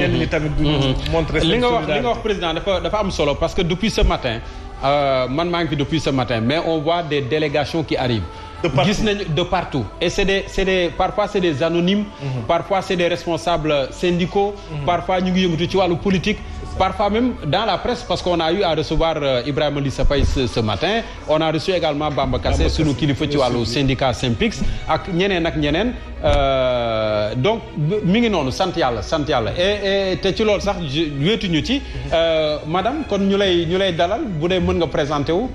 ñenn ñi tamit du mhm. li nga wax li président dafa dafa am solo parce que depuis ce matin euh, man maa ngi fi depuis ce matin mais on voit des délégations qui arrivent de partout gis nañu de partout. et c' est des c' est des parfois c' est des anonymes. Mhm. parfois c' syndicaux. Mhm. parfois ñu ngi yëngatu ci wàllu politique. parfois même dans la presse parce qu'on a eu à recevoir euh, Ibrahima Lissa Faye ce matin on a reçu également Bamba Kassé sunu kilifa ci wàllu syndicat Synpics ak ñeneen ak ñeneen euh, donc mi ngi noonu sant yàlla sant yàlla et te ci loolu sax wéetuñu ci mhm. euh, madame kon ñu lay ñu lay dalal bu dee mën nga présenté wu.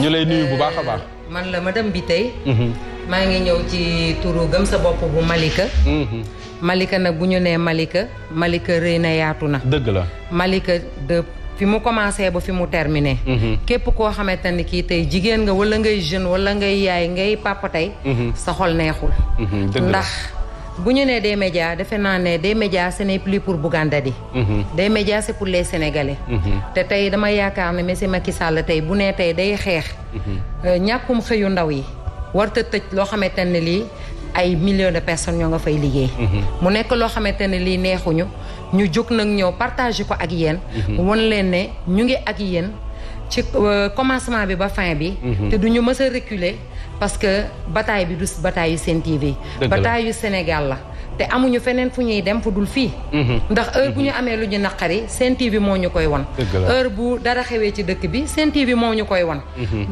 ñu lay nuyu bu baax a man la bi Biteye mhm. maa ngi ñëw ci turu gëm sa bopp bu Malika mhm. Malika nag bu ñu nee Malika Malika rey na yaatu na dëgg la Malika de fi mu commencé ba fi mu terminé mhm. képp koo xamante ni kii tey jigéen nga wala ngay jeune wala ngay yaay ngay papa tey sa xol neexul ndax bu ñu nee des médias defe naa ne des médias ce plus pour Bougane Dadi mhm. des médias c'est pour les Sénégalais. Mhm. te tey dama yaakaar ne monsieur Macky Sall tey bu nee tey day xeex. Mhm. Euh, ñàkkum xëyu ndaw yi warta tëj loo xamante ne lii ay millions de personnes ñoo nga fay liggéey. mu nekk loo xamante ne lii neexuñu ñu jóg nag ñëw partager ko ak yéen. won leen ne ñu ngi ak yéen. ci euh, commencement bi ba fin bi. Mhm. te du ñu mës a reculer parce que bataille bi du bataille yu Sen TV. bataille yu Sénégal la. te amuñu feneen fu ñuy dem fu dul fii. Mhm. ndax heure bu ñu mhm. amee lu ñu naqari Sen bi moo ñu koy won heure bu dara xewee ci dëkk bi Sen bi moo ñu koy won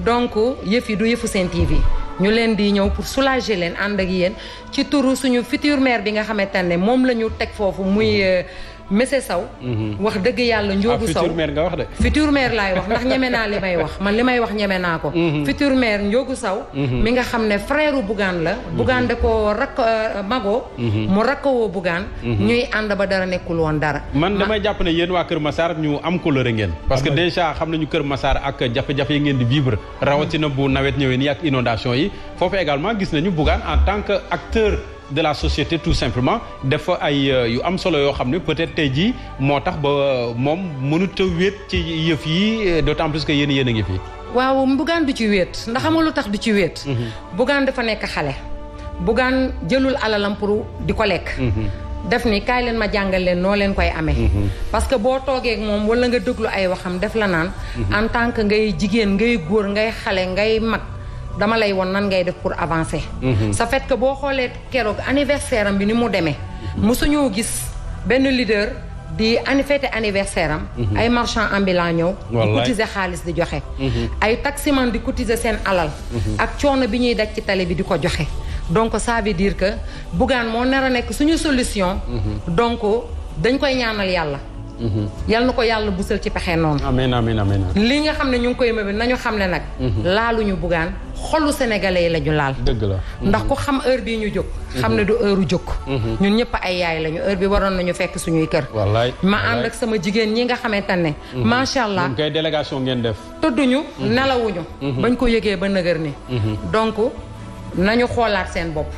donc yëf yi du yëfu Sen TV. ñu leen di ñëw pour soulager leen ànd ak yéen ci turu suñu futur maire bi nga xamante ne moom la ñu teg foofu muy mhm. euh, monsieur saw mhm. wax dëgg yàlla ah, Ndiogou saw futur maire nga wax de futur laay wax ndax ñeme naa li may wax man li may wax ñeme naa ko mhm. futur maire Ndiogou Sow mi nga xam ne frère Bougane la Bougane da ko rakk euh, magoo mu rakkawoo Bougane ñuy ànd ba dara nekkul woon dara man damay jàpp ne yéen waa Kër Massar ñu am couleur ngeen parce que déjà xam nañu Kër masaar ak jafe-jafe yi ngeen di vivre rawatina bu nawet ñëwee nii ak inondation yi yi foofu également gis nañu Bougane en tant que acteur de la société tout simplement dafa ay euh, yu am solo yoo xam ne peut-être tey jii moo tax ba euh, moom mënut a wéet ci yëf yi euh, d'autant plus que yéen yéen a ngi fi. waaw Bougane du ci wéet ndax xam nga lu tax du ci wéet. Mhm. Bougane dafa nekk xale. Bougane jëlul alalam pour di ko lekk. Mhm. def ni kaay leen ma jàngal leen noo leen koy amee. Mhm. parce que boo toogee ak moom wala nga déglu ay waxam def la naan. en tant que ngay jigéen ngay góor dama lay woon nan ngay def pour avancer. Mhm. ça fait que boo xoolee keroog anniversaire am bi ni mu demee. mu mosuñoo gis benn leader di an fête am. Mhm. ay marchand ambulant ñëw. di cotiser xaalis di joxe. Mhm. ay taximan di cotiser seen alal. ak coono bi ñuy daj ci tali bi di ko joxe. donc ça bi dire que Bougane moo nar a nekk suñu solution. donc dañ koy ñaanal yàlla. Mm-hmm. yal na ko yàlla busal ci pexe noonu. amiin amiin amiin li nga xam ne ñu ngi koy mëbal nañu xam ne nag. Mm-hmm. ñu bugaan xolu sénégalais yi la ñu laal. dëgg la mm-hmm. ndax ku xam heure bii ñu jóg. xam ne du heure u jóg. ñun ñëpp ay yaay lañu heure bi waroon nañu fekk suñuy kër. wallaay ma ànd ak sama jigéen ñi nga xamante ne. macha allah kay délégation ngeen def. tëdduñu nelawuñu. bañ ko yëgee ba nëgër ni donc nañu xoolaat seen bopp.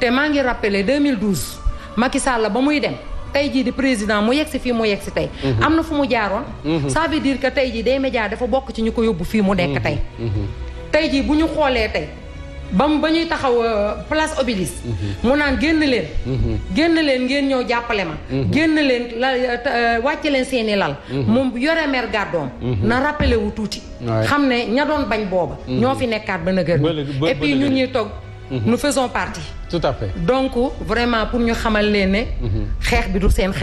te maa ngi rappelé 2012 Macky Sall ba muy dem. tey jii di président mu yegg si fii mu yegg si tey mhm. am na fu mu jaaroon mhm. ça veut dire que tey jii day média dafa bokk ci ñu ko yóbbu fii mu nekk mhm. tey tey jii bu ñu xoolee tey ba mu ba ñuy taxaw euh, place Obélisque mu naan génn leen génn leen ngeen ñëw jàppale ma génn leen la euh, euh, wàcce leen seeni lal moom yore mer gàddoom na rappelé wu tuuti xam ne ña doon bañ booba ñoo fi nekkaat ba nëgër et puis ñu ñuy toog nous faisons partie tout à fait donc vraiment pour ñu xamal leen ne. Mm-hmm. xeex bi du seen xeex.